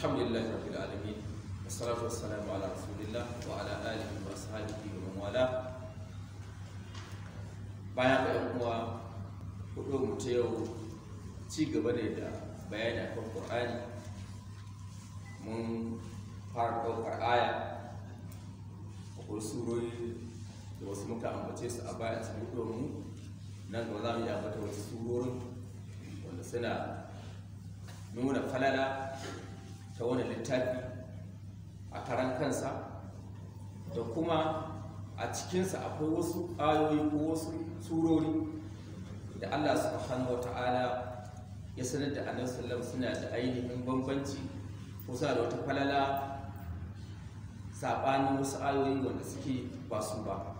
alhamdulillah rabbil alamin wassalatu wassalamu ala rasulillah wa ala alihi wa sahbihi wa man wala bayan ga yan uwa hudu mu ta yau ci gaba ne da bayani akan qur'ani mun fara ɗaukar aya kuma surori da wasu muka ambace su a baya cikin mu nan gaba za mu yi ambata wasu surorin wanda suna nuna falala ta wani littafi a karan kansa da kuma a cikinsa akwai wasu ayoyi ko wasu surori da Allah subhanahu Ta'ala ya sanar da annabi sallam suna da ainihin bambanci ko sa da wata falala sabanin wasu ayoyi wanda suke ba su ba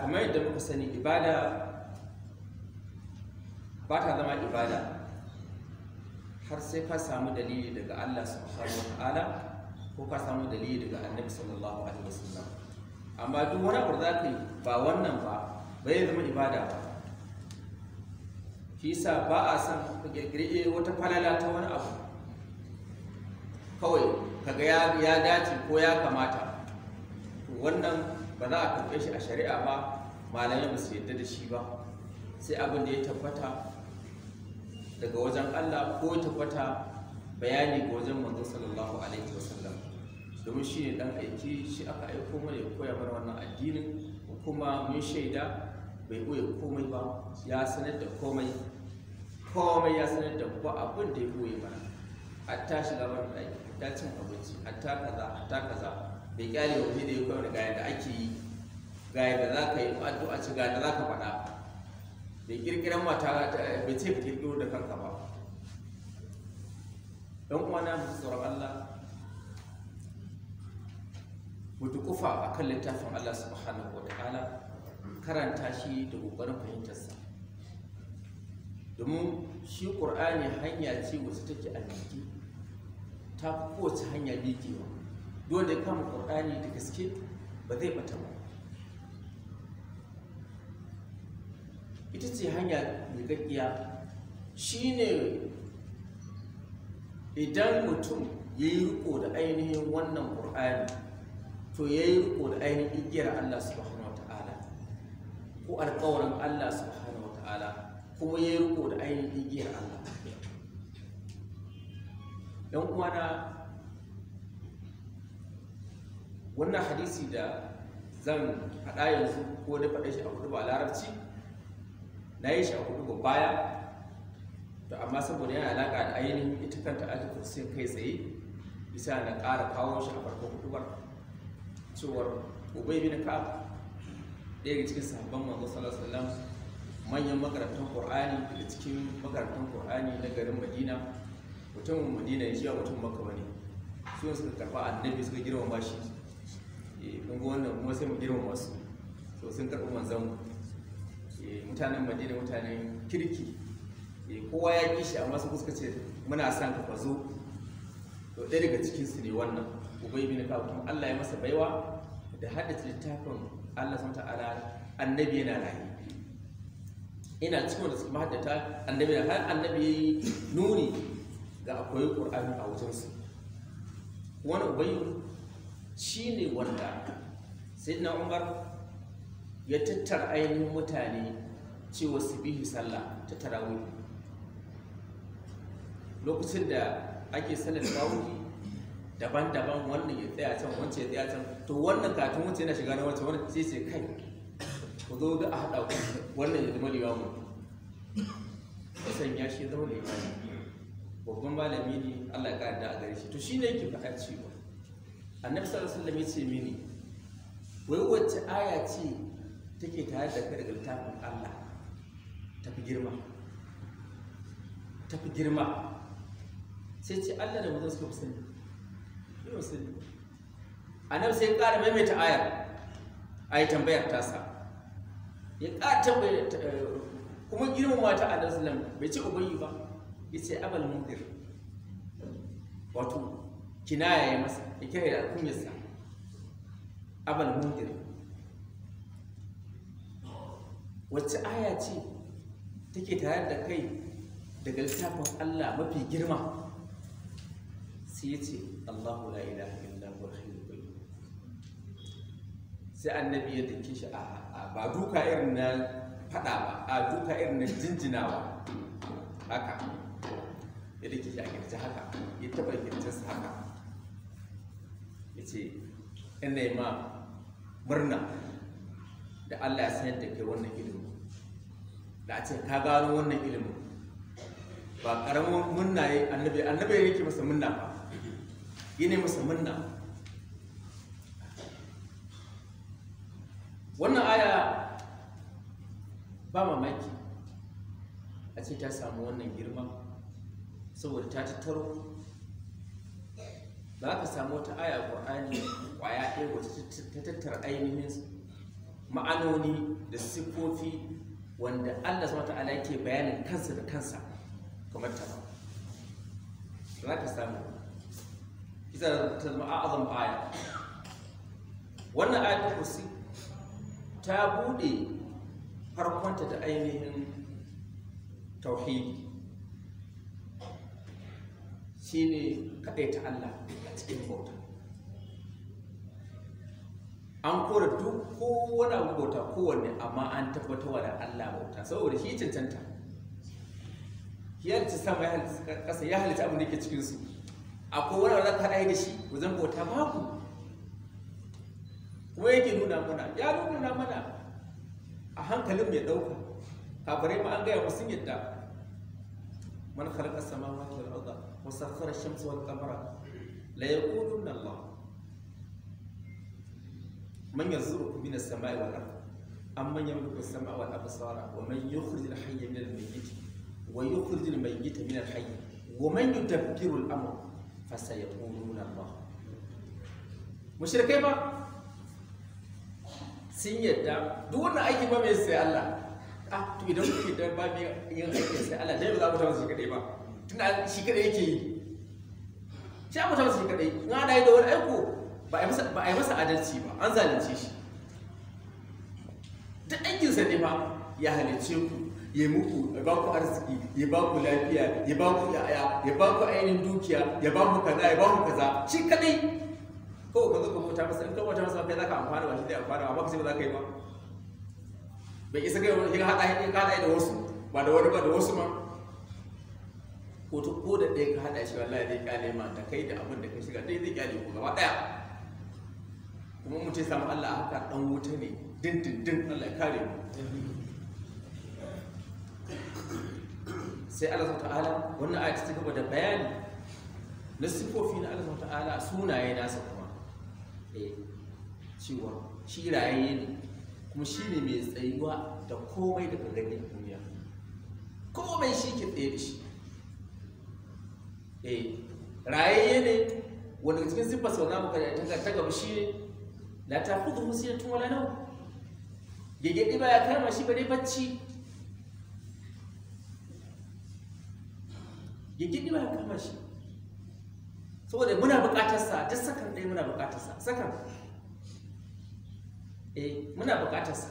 kamar yadda muka sani ibada ba ta zama ibada har sai ka samu dalili daga Allah subhanahu wataala ko ka samu dalili daga annabi sallallahu alaihi wasallam amma duk wani abu da ka yi ba wannan ba bai zama ibada ba shi sa ba a san ka kirkire wata falala ta wani abu kawai kaga ya ya dace ko ya kamata to wannan ba za a karɓe shi a shari'a ba malamai ba su yadda da shi ba sai abin da ya tabbata daga wajen Allah ko ta kwata bayani ga wajen manzo sallallahu alaihi wasallam domin shi ne dan aiki shi aka aiko mana ya koya mana wannan addinin kuma mun shaida bai koya komai ba ya sanar da komai komai ya sanar da ba abin da ya koya mana hatta shiga ban ɗaki hatta cin abinci hatta kaza hatta kaza bai kyale wani da ya koya da ga da ake yi ga yadda za ka yi addu'a ci ga yadda za ka faɗa da kirkiran mata bai ce ka kirkiro da kanka ba don kuma na mu tsoron Allah mu a kan littafin Allah subhanahu wataala karanta shi da kokarin fahimtarsa domin shi ƙur'ani hanya ce wacce take a jiki ta kowace hanya miƙewa dole kama ƙur'ani da gaske ba zai bata ba ita ce hanya shi shine idan mutum ya yi riko da ainihin wannan ƙur'ani to ya yi riko da ainihin igiyar Allah subhanahu wa ta'ala ko alƙawarin Allah subhanahu wa ta'ala kuma ya yi riko da ainihin igiyar Allah don kuma na wannan hadisi da zan haɗa yanzu ko da faɗe shi a kudu ba larabci na yi shi a hudu baya to amma saboda yana alaƙa da ainihin ita kanta ayatul kursi kai tsaye bisa na ƙara kawo shi a farkon hudubar cewar ubay bin ka'ab ɗaya daga cikin sahabban manzo sallallahu alaihi wasallam manyan makarantar qur'ani daga cikin makarantar qur'ani na garin madina mutumin madina ya ce, mutum makka bane su suka karɓa annabi suka ba shi eh kun ga wannan kuma sai mu girma masu, so sun karɓi manzon mu mutanen madina mutanen kirki eh, kowa ya ƙi shi amma su ce muna san ka fazo to ɗaya daga cikinsu ne wannan ubai bin ka'ab kuma Allah ya masa baiwa da haɗa littafin Allah sun ta'ala annabi yana rayu ina cikin wanda suka mahaddata annabi na har annabi nuni ga akwai qur'ani a wajensu wani ubai shi ne wanda sai na umar ya tattara ainihin mutane cewa su bihi sallah ta tarawih lokacin da ake sallar tarawih daban-daban wannan ya tsaya can wancan ya tsaya can to wannan kafin wancan yana shiga na wancan wannan sai sai kai ku zo da a haɗa ku wannan ya zama mu ya sanya shi zama limamu babban malami ne Allah ya kada da a gare shi to shine yake faɗa cewa annabi sallallahu alaihi wasallam ya ce mini wai wacce aya ce take tare da kai daga littafin Allah tafi girma tafi girma sai ce Allah da wajen suka sani yau a nan sai ƙara maimaita ayar yi tambayar tasa ya ƙara tambayar eh, kuma girmama ta a sallallahu bai ce ubayyi ba ya ce abal mundir wato kinaya ya yi masa ya kira da kunyarsa abal mundir wacce aya ce take tare da kai daga littafin Allah mafi girma sai ya ce Allahu la ilaha illa huwa hayyul qayyum sai annabi ya dake shi a ba duka irin na fada ba a duka irin na jinjinawa haka ya dake shi a kirji haka ya taba sa haka ya ce ina ma murna da Allah ya sanar da ke wannan ilimi da a ce ka gano wannan ilimin ba karamin munna ya annabi annabi yake masa munna ba Yi ne masa munna wannan aya ba mamaki a ce ta samu wannan girma saboda ta tattaro ba ka samu wata aya ƙwa'ani ƙwaya ɗaya wacce ta tattara ainihin ma'anoni da siffofi wanda Allah subhanahu ta'ala yake bayanin kansa da kansa kamar ta ba za ka samu ita ta zama a'azam aya wannan ayyukan kursi ta bude farkonta da ainihin tauhidi shine ta Allah a cikin bauta an kora duk kowane abu bauta kowanne amma an tabbatarwa da Allah bauta saboda shi cancanta ya halitta sama ya kasa ya halitta abin da ke cikin su akwai wani wani ka da shi wajen bauta ku kuma yake nuna mana ya nuna mana a hankalin mai dauka kafirai ma an gaya ku sun yadda man khalaqa samawati wal arda wa sakhkhara ash-shamsa wal qamara la yaquluna Allah man yarzuqukum min as-sama'i wal ardh am man yamliku as-sama'a wal absara wa man yukhrij al-hayya min al wa yukhrij al sun yadda duk wani aiki ba mai sai Allah a to idan kuke da ba mai yin aikin sai Allah dai ba za ku tabbata shi kadai ba tunda shi kadai yake yi sai ku tabbata shi kadai in ana yi da wani aiko ba a yi masa adalci ba an zalunce shi ta aikinsa ne ba ya halice ku ya muku ya ba ku arziki ya ba ku lafiya ya ba ku yaya ya ba ku ainihin dukiya ya ba ku kaza ya ba ku kaza shi kadai ko ka zo ka mota masa in ka mota masa kai za ka amfana ba shi zai amfana ba ba za ka yi ba bai isa kai wani ka haɗa ka hada da wasu ba da wani ba da wasu ma ko ta ko da ɗaya ka haɗa shi wallahi zai kyale ma da kai da abin da ka shiga dai zai kyale ku gaba ɗaya. kuma mu ce samu Allah a haka ɗan wuta ne dindindin Allah ya kare mu sai Allah subhanahu ta'ala wannan ayat ta gaba da bayani na sifofi na Allah subhanahu ta'ala sunaye nasa kuma eh cewa shi raye ne kuma shi ne mai tsayuwa da komai daga ganin duniya komai shi ke ɗaya da shi eh, Raye ne wanda cikin siffar sau na muka ta gaba shi ne la ta kudu ya wala nau gyagyaɗi ba ya kama shi ba dai bacci gyagyaɗi ba ya kama shi saboda muna buƙatarsa duk sakan ɗaya muna buƙatarsa sakan eh muna buƙatarsa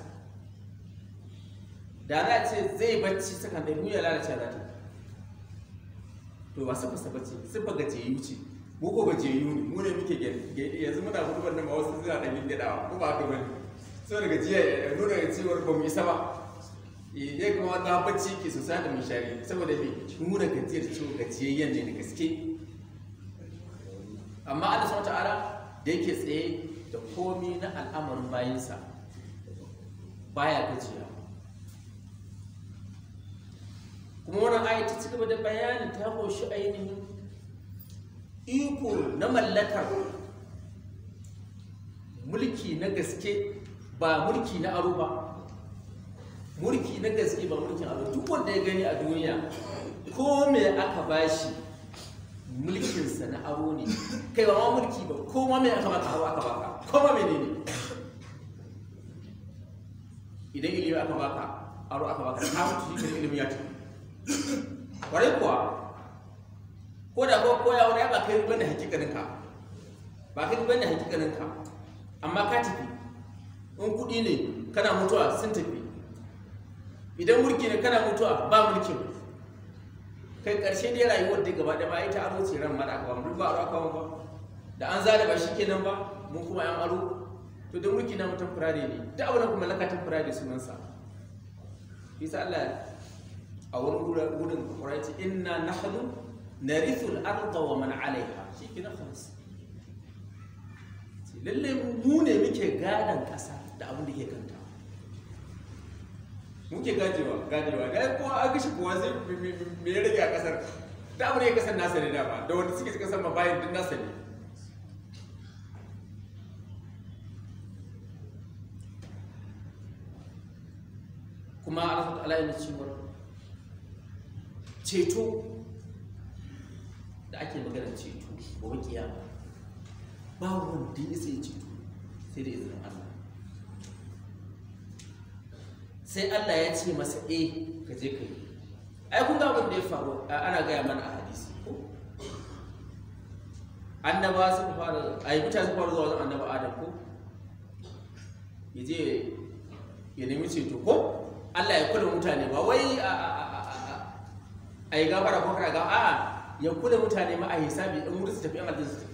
da za a ce zai bacci sakan ɗaya duniya lalace za ta to ba su fasa bacci sun fa yi wuce. mu ko gajeyu ne mu ne muke gaiɗi yanzu muna hudubar nan ma wasu suna da yin gaiɗawa ko ba haka bane so daga jiya ya eh, nuna da cewar ba mu isa ba ya eh, kuma ta bacci ke sosai da mun shari saboda me muna gajiyar ciwo gajiyayyen ne da gaske amma Allah subhanahu ta'ala da yake tsaye da komi na al'amarin bayinsa baya gajiya kuma wannan ayat ta cigaba da bayani ta koshi ainihin iko na mallakar mulki na gaske ba mulki na aro ba mulki na gaske ba mulkin aro duk wanda ya gani a duniya ko me aka bashi mulkinsa na aro ne kai ba ma mulki ba ko ma me aka baka aro aka baka ko ma ne? idan ilimi aka baka aro aka baka ka mutu shi ilimi ya ci kwarai kuwa ko da ko koya wani ba kai bane hakikanin ka ba kai bane hakikanin ka amma ka tafi in kudi ne kana mutuwa sun tafi idan mulki ne kana mutuwa ba mulkin kai karshe dai rayuwar da gaba da ba ta aro ce ran mara ba mun ba aro kawon ba da an zada ba shikenan ba mun kuma yan aro to da mulki na mutum firade ne da abin kuma laka tun firade sunansa bisa Allah a wurin gudun kwarai ce inna nahnu narithul arda wa man alaiha shi ke na faransa lalle mu ne muke gadon kasa da abin da ke kanta muke gajewa gajewa ga ko a gashi kowa zai me ya rage a kasar da abin da ya kasar nasa da ba, da wanda suke kasar ma bayan duk nasa ne kuma Allah ta'ala yana cewa ceto da ake magana ceto wa kiyama ba wanda ya sai ceto sai da izinin Allah sai Allah ya ce masa e ka je ka yi ai kun ga abin da ya faru ana gaya mana a hadisi ko annaba su fara ai mutane su fara zuwa wajen annaba Adam ko yaje ya nemi ceto ko Allah ya kula mutane ba wai a yi gabara ko kara ga a? ya kula mutane ma a hisabi in wurin su tafi yan aljanna su tafi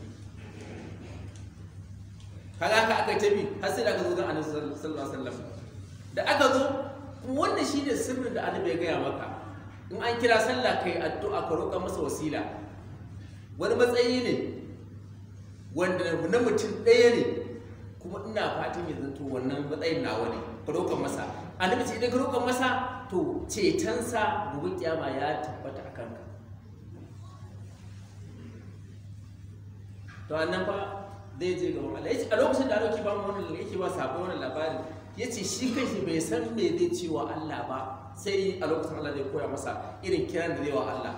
kaga ka aka tafi har sai da aka zo zan annabi sallallahu alaihi wasallam da aka zo wannan shine sirrin da annabi ya gaya maka in an kira sallah kai addu'a ka roƙa masa wasila wani matsayi ne wanda na mutum ɗaya ne kuma ina fatan ya zanto wannan matsayin nawa ne ka roƙa masa annabi ce idan ka roƙa masa to cetonsa gobe kiyama ya tabbata a kanka to annan fa zai je ga wani a lokacin da Allah ba mu wannan yake ba wani labari ya ce shi shi bai san me zai ce wa Allah ba sai a lokacin Allah zai koya masa irin kiran da zai wa Allah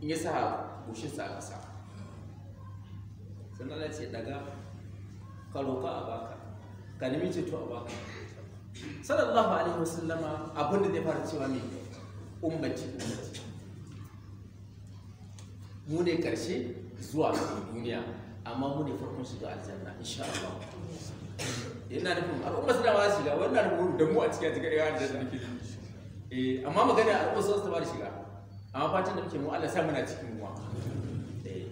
in ya sa bushin sa a kasa sannan Allah ce daga ka roƙa a baka ka nemi ceto a baka sallallahu alaihi wasallama abin da zai fara cewa ne ummati ummati mu ne karshe zuwa duniya amma mu ne farkon ga aljanna insha Allah yana kuma al'umma suna ba shiga wannan rubutu da mu a cikin cikin yawan da nake eh amma magana al'umma sun su ba shiga amma fatan da muke mu Allah sa muna cikin ruwa eh.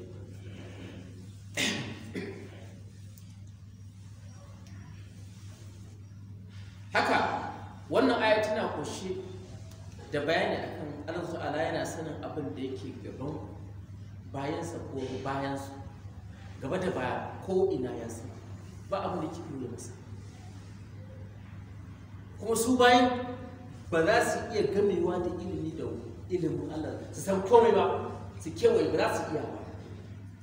haka wannan aya tana koshe da bayani akan Allah ta'ala yana sanin abin da yake gaban bayansa ko bayansu gaba da baya ko ina ya su ba abu da ke ya masa kuma su bayan ba za su iya gamewa da ilimi da ilimin Allah su san komai ba su kewaye ba za su iya ba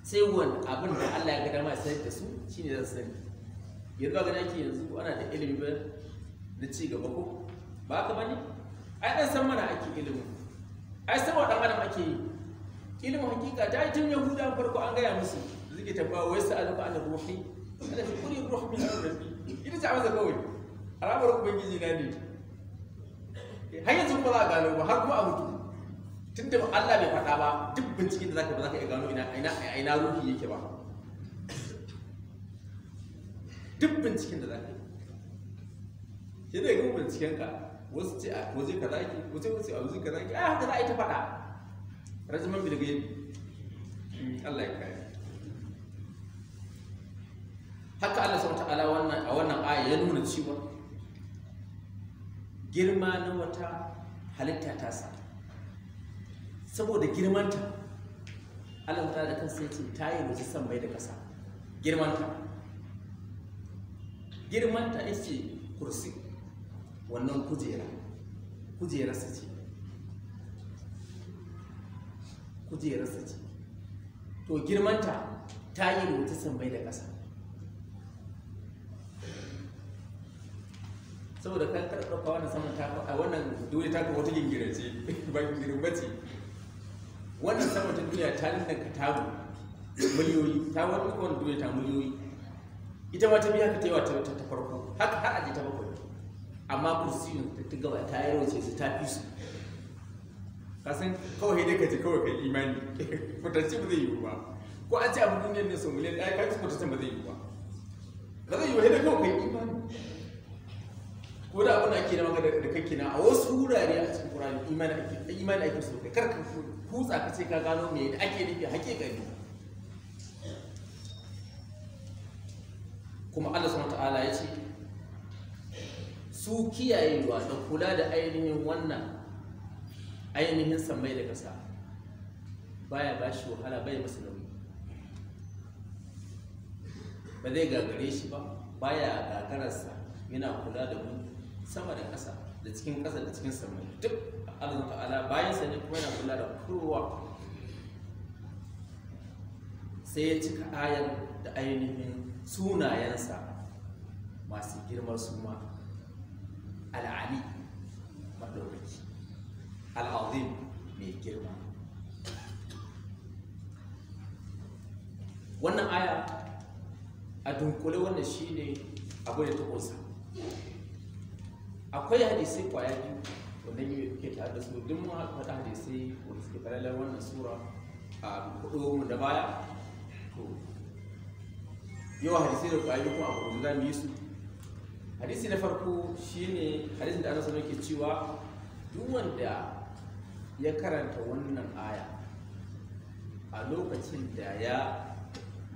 sai wani abin da Allah ya ga dama sai da su ne zan sani yadda ba gada ke yanzu ana da ilimi ba da ci gaba ko ba ka bane ai dan san mana ake ilimi ai saboda dan adam ake yi ilimin hakika ta yi tun yahuda farko an gaya musu tafa wai sa alaka an ruhi ana fi kuri ruhu min rabbi ita ce amsa kawai alamar ubangiji na ne har yanzu ba za a gano ba har kuma a mutu tunda Allah bai faɗa ba duk binciken da zaka ba zaka iya gano ina ina ina ruhi yake ba duk binciken da zaka yi sai da yin binciken ka wasu ce ah, a waje kaza yake wasu ah, wasu a waje kaza yake a haka za a yi ta faɗa rajiman bilgayi Allah ya kare haka Allah subhanahu ta'ala wannan a wannan aya ya nuna cewa girma na wata halitta ta sa saboda girmanta Allah ta da kansa ya ce ta yi musu san bai da kasa girmanta girmanta yake kursi wannan kujera kujerarsa ce sa ce to girmanta ta yi mutu san bai da kasa saboda kan kada ɗauka wannan saman ta a wannan duniya ta wata gingira ce ba gingira ce wannan saman ta duniya ta lindanka tamu miliyoyi ta wani wannan duniya ta miliyoyi ita ma ta biya ka taiwa ta ta farko haka har a ta bakwai amma kursiyin ta ta gaba ta yi rawace su ta fi su ka san kawai dai ka ji kawai kai imani fitarci ba zai yi ba ko an ce abu duniyar ne sau miliyan ɗaya ka su fitarci ba zai yi ba ba zai yi wa hidda kawai kai imani ko da abin da ake nama da kake na a wasu wurare a cikin Qur'ani imani ake imani ake so kai karka kutsa ka ce ka gano me da ake nufi hakikani kuma Allah subhanahu ta'ala ya ce su kiyayewa da kula da ainihin wannan ainihin sammai da kasa baya ba shi wahala bai masa nauyi ba zai gagare shi ba baya gagararsa yana kula da mu sama da ƙasa da cikin ƙasa da cikin sama duk Allah ta'ala bayan sa ne kuma yana kula da kowa sai ya cika ayar da ainihin sunayensa masu girmar suma al'ali maɗauki al'azim mai girma wannan aya a dunkule wannan shine abu da ta akwai hadisai kwaya biyu wanda yi kuke tare da su duk mun faɗa hadisai wanda suke falalar wannan sura a hudu mu da baya to yau hadisai da kwaya biyu kuma a hudu za mu yi su hadisi na farko shine hadisin da ana sanar ke cewa duk wanda ya karanta wannan aya a lokacin da ya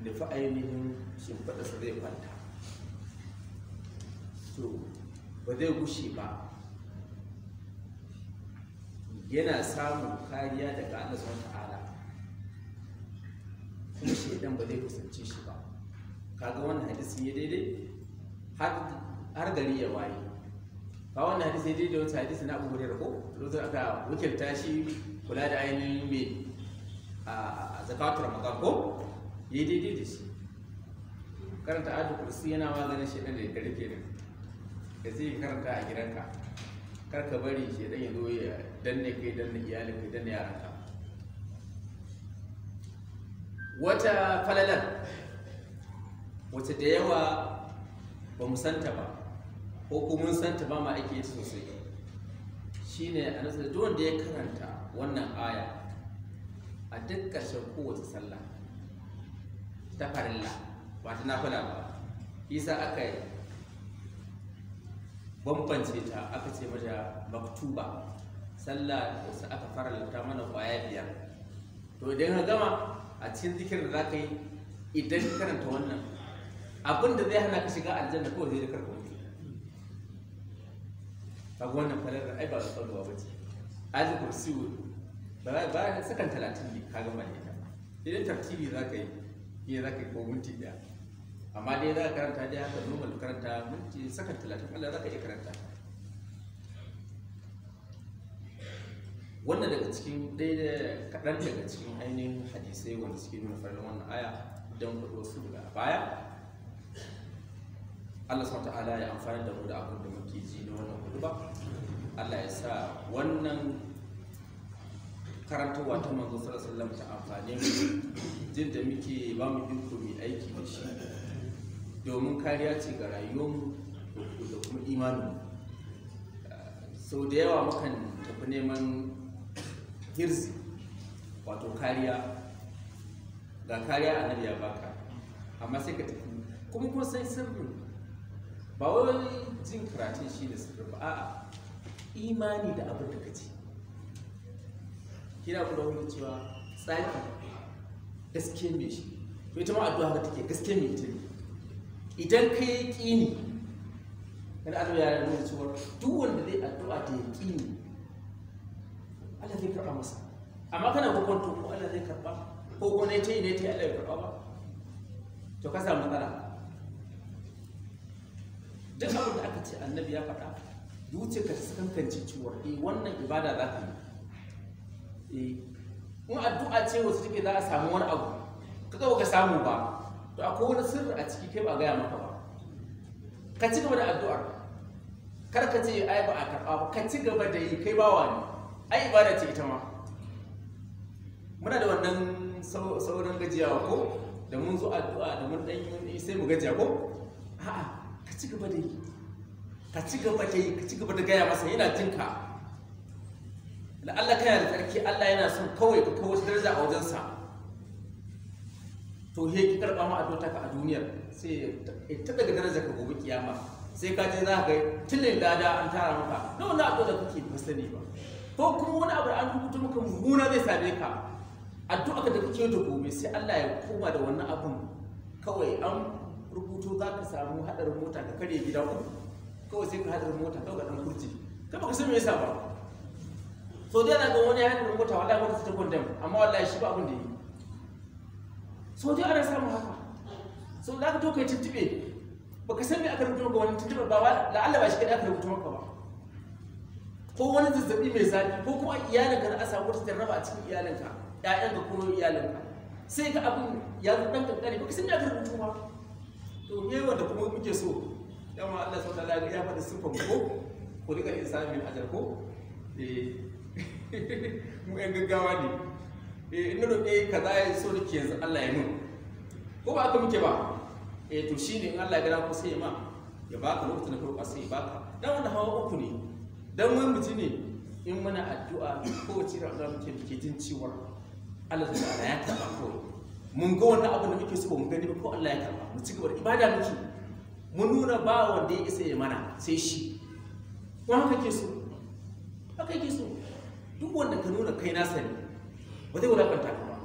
nufi ainihin su zai kwanta ba zai gushe ba yana samun kariya daga Allah subhanahu ta'ala kuma shedan ba zai kusance shi ba kaga wannan hadisi ya daidai har gari ya waye ba wannan hadisi ya daidai wata hadisi na abubuwan Hurairah ko lokacin aka wakilta shi kula da ainihin mai a zakatu ramadan ya daidai da shi karanta ayatul kursi yana maganin shedan da ya karfe ne da zai karanta a gidanka karka bari shi dan ya zo ya danne kai danne iyalin kai danne yaranka wata falalar wata da yawa ba mu santa ba ko kuma mun santa ba ma ake yi sosai shine a nasarar duk wanda ya karanta wannan aya a duk ƙarshen kowace sallah ta farilla ba ta nafila ba isa aka yi bambance ta aka ce mata maktuba sallah da aka fara faralta mana kwaya biyar to idan ka gama a cikin dikir da ka yi idan ka karanta wannan abin da zai hana ka shiga aljanna ko zai zikar kuma ka ga wannan falar ai ba ka ba ce ayatul kursi ba ba sakan talatin ne ka gama ne idan tartibi zaka yi za zaka yi ko minti daya amma dai za ka karanta dai haka normal karanta minti sakan talatin Allah za ka iya karanta wannan daga cikin da kaɗan daga cikin ainihin hadisai wanda suke nuna farin wannan aya don kuɗo su daga baya Allah sa ta'ala ya amfani da mu da abin da muke ji na wannan kuɗu ba Allah ya sa wannan karantarwa ta manzo sallallahu alaihi wasallam ta amfane mu jin da muke ba mu iko mu aiki da shi domin kariya ce ga rayuwarmu da kuma mu. sau da yawa mukan tafi neman hirzi wato kariya ga kariya a nan ya baka amma sai ka tafi kuma kuma sai sirrin ba wani jin karatun shi da sirri ba a'a imani da abin da kace kina kula wani cewa tsaki gaske mai shi to ita ma addu'a ta take gaske mai ita ne idan ka yi ƙini yana ado ya nuna cewa duk wanda zai addu'a da ya ƙini Allah zai karɓa masa amma kana kwakwanto ko Allah zai karɓa ko ko ne ta yi ne ta yi Allah ya karɓa ba to ka samu matsala duk abin da aka ce annabi ya faɗa ka ta sakankance cewa eh wannan ibada za ka yi eh in addu'a ce wasu take za a samu wani abu ka kawo ka samu ba to akwai wani sirri a ciki kai ba gaya maka ba ka ci gaba da addu'ar kar ka ce ai ba a karɓa ba ka ci gaba da yi kai bawa ne ai ibada ce ita ma muna da wannan sauran gajiyawa ko da mun zo addu'a da mun dan yi sai mu gajiya ko a'a ka ci gaba da yi ka ci gaba da yi ka ci gaba da gaya masa yana jin ka la'alla kana da tsarki Allah yana son kawai ka kawo daraja a wajensa to he ki karɓa mu addu'a ka a duniya sai ya taɓa da darajar ka gobe kiyama sai ka je za ka tilin dada an tara maka na wani addu'a da kake ba sani ba ko kuma wani abu da an rubuta maka mummuna zai same ka addu'a ka da kake da gobe sai Allah ya koma da wannan abun kawai an rubuto za ka samu haɗarin mota ka kare gida ku kawai sai ka haɗarin mota kawai ka ɗan kurji kai baka san me yasa ba so dai na ga wani haɗarin mota wallahi mota ta kwandam amma wallahi shi ba abin da yi sau ana samun haka sau da aka to kai tuntube baka san me aka rubuta maka wani tuntube ba Allah ba shi kada aka rubuta maka ba ko wani zazzabi mai zafi ko kuma iyalinka na asa ta raba a cikin iyalinka ka ko iyalinka sai ka abin ya zo ɗan kankani baka san me aka rubuta ba to me wanda kuma muke so dama Allah subhanahu wa ta'ala ya faɗi sifan ko ko duka insani min ajar ko eh mu ƴan gaggawa ne Eh, in na roƙe kaza ya so nake yanzu Allah ya mun ko ba aka muke ba eh to shine in Allah ya gara ko sai ya ma ya baka lokacin da farko sai ya baka dan wannan hawa uku ne dan wani mutum ne in muna addu'a ko wace rana muke muke jin cewa Allah ta ala ya karba ko mun ga wannan abin da muke so mun gani ba ko Allah ya karba mu cigaba da ibada muke mun nuna ba wanda ya isa ya mana sai shi ko haka ke so haka ke so duk wanda ka nuna kai na sani ba zai wulakanta ka ba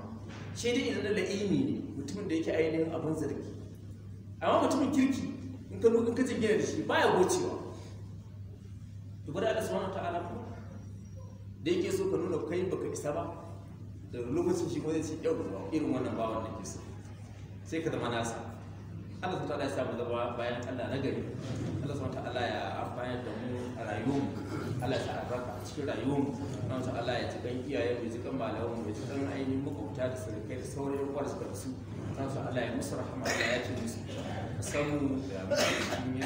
shi dai idan da la'imi ne mutumin da yake ainihin abin zargi amma mutumin kirki in ka in ka jingina da shi baya gocewa to bari Allah subhanahu ta'ala ko da yake so ka nuna kai baka isa ba da lokacin shi ko zai ce yau irin wannan bawan da ke so sai ka zama nasa Allah subhanahu ya samu zama bayan Allah na gari Allah subhanahu ta'ala ya amfana da mu a rayuwar Allah ya albarka a cikin rayuwar mu Allah subhanahu ta'ala ya ci kan iyaye mu ji kan malaman mu ji kan ainihin makwabta da sarkai da sauran yan uwarsu da su Allah subhanahu ta'ala ya musu rahama Allah ya ci musu musamman da mutum yi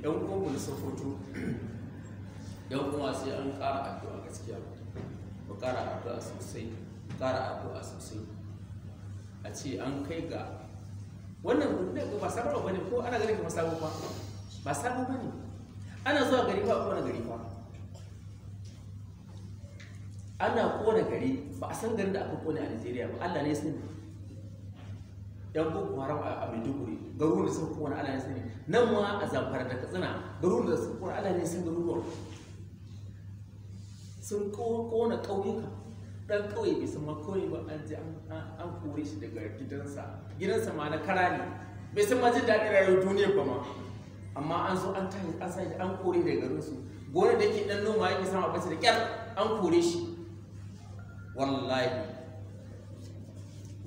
yan uwan mu da sofoto yan uwa sai an ƙara addu'a gaskiya ba ƙara addu'a sosai ƙara addu'a sosai a ce an kai ga wannan gudun ba sabo ba ne ko ana ganin kamar sabo ba ba sabo ba ne ana zuwa gari ba a kona gari ba ana kona gari ba a san garin da aka kone a nigeria ba allah ne sani yan boko haram a maiduguri Garuru da suka kona allah ne sani nan ma a zamfara da katsina garuru da suka kona allah ne sun garuruwan sun kona ƙauyuka dan kawai bai ma kawai ba an je an kore shi daga gidansa gidansa ma na kara ne bai san ma daɗi daɗin rayuwar duniya ba ma amma an zo an tayi an sa an kore daga su gonar da yake dan noma yake sama bace da kyar an kore shi wallahi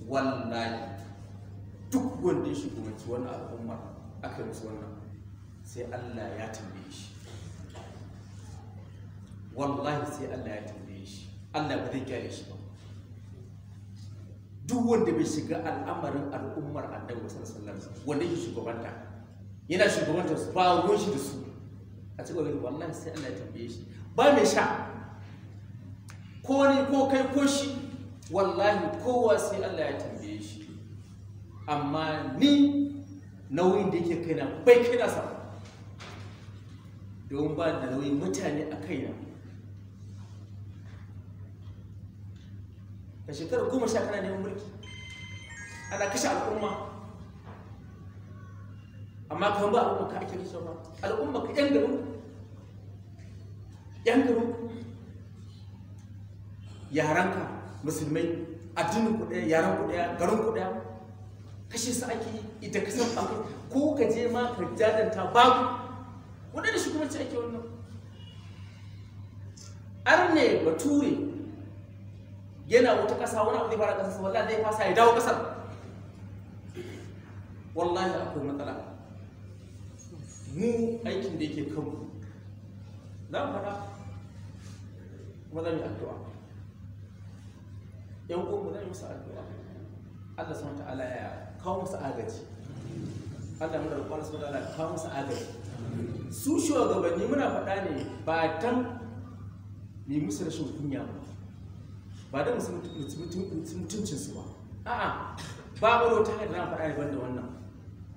wallahi duk wanda ya shugabanci wani al'ummar aka yi musu wannan sai Allah ya tambaye shi wallahi sai Allah ya tambaye Allah ba zai kyale shi ba duk wanda bai shiga al'amarin al'ummar annabi sallallahu alaihi wanda yake shugabanta yana shugabanta su ba ruwan shi da su a cikin wani wallahi sai Allah ya tambaye shi ba mai sha ko ni ko kai ko shi wallahi kowa sai Allah ya tambaye shi amma ni nauyin da yake kaina bai kaina sa domin ba da nauyin mutane a kaina da shekarar goma sha kana neman mulki ana kashe al'umma amma kan ba al'umma ka ake kashe ba al'umma ka yan garin yan garin ka musulmai addinin ku ɗaya yaran ku ɗaya garin ku ɗaya kashe su ake yi ita kasan ake ko ka je ma ka jadanta babu shi kuma ce ake wannan arne bature yana wata ƙasa wani abu zai fara kasa wallahi zai fasa ya dawo ƙasar wallahi akwai matsala mu aikin da yake mu za mu faɗa kuma za mu yi addu'a yan uwanmu za mu yi musu addu'a Allah subhanahu ta'ala ya kawo musu agaji Allah mu da roƙon subhanahu ta'ala ya kawo musu agaji su shugabanni muna faɗa ne ba tan mai musu rashin kunya ba ba don mutuncinsu ba a'a ba mu wata hanyar da na faɗa banda wannan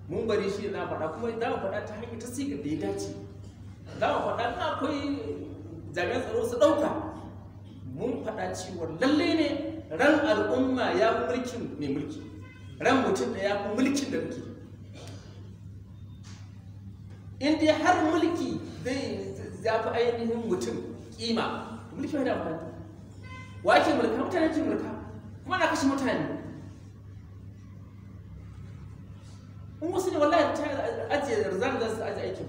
mun bari shi na faɗa kuma za mu faɗa ta hanyar ta sigar da ya dace za mu faɗa na akwai jami'an tsaro su ɗauka mun faɗa cewa lallai ne ran al'umma ya fi mulkin mai mulki ran mutum da ya fi mulkin da muke in dai har mulki zai zafi ainihin mutum kima mulki wani amfani wa yake mulka mutane ke mulka kuma na kashe mutane in wasu ne wallahi ta ajiye zarzar da su ajiye aikin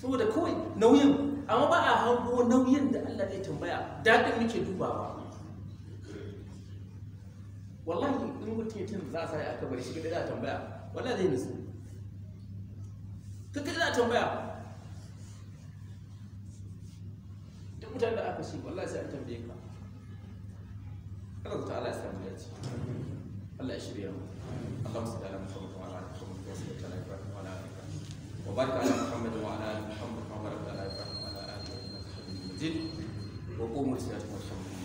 saboda kawai nauyin amma ba a hango nauyin da Allah zai tambaya daɗin muke dubawa wallahi in mutum yatin za a sa ya aka bari shi kaɗai za a tambaya wallahi zai nutsu kaɗai za a tambaya جل أكسي والله سألت بيك الله تعالى سمعت الله يشريه الله مستعلى محمد وعلى آل محمد وصلى الله عليه وسلم وعلى آل وبارك على محمد وعلى آل محمد وبارك على آل محمد وعلى آل محمد وقوموا لسيادة محمد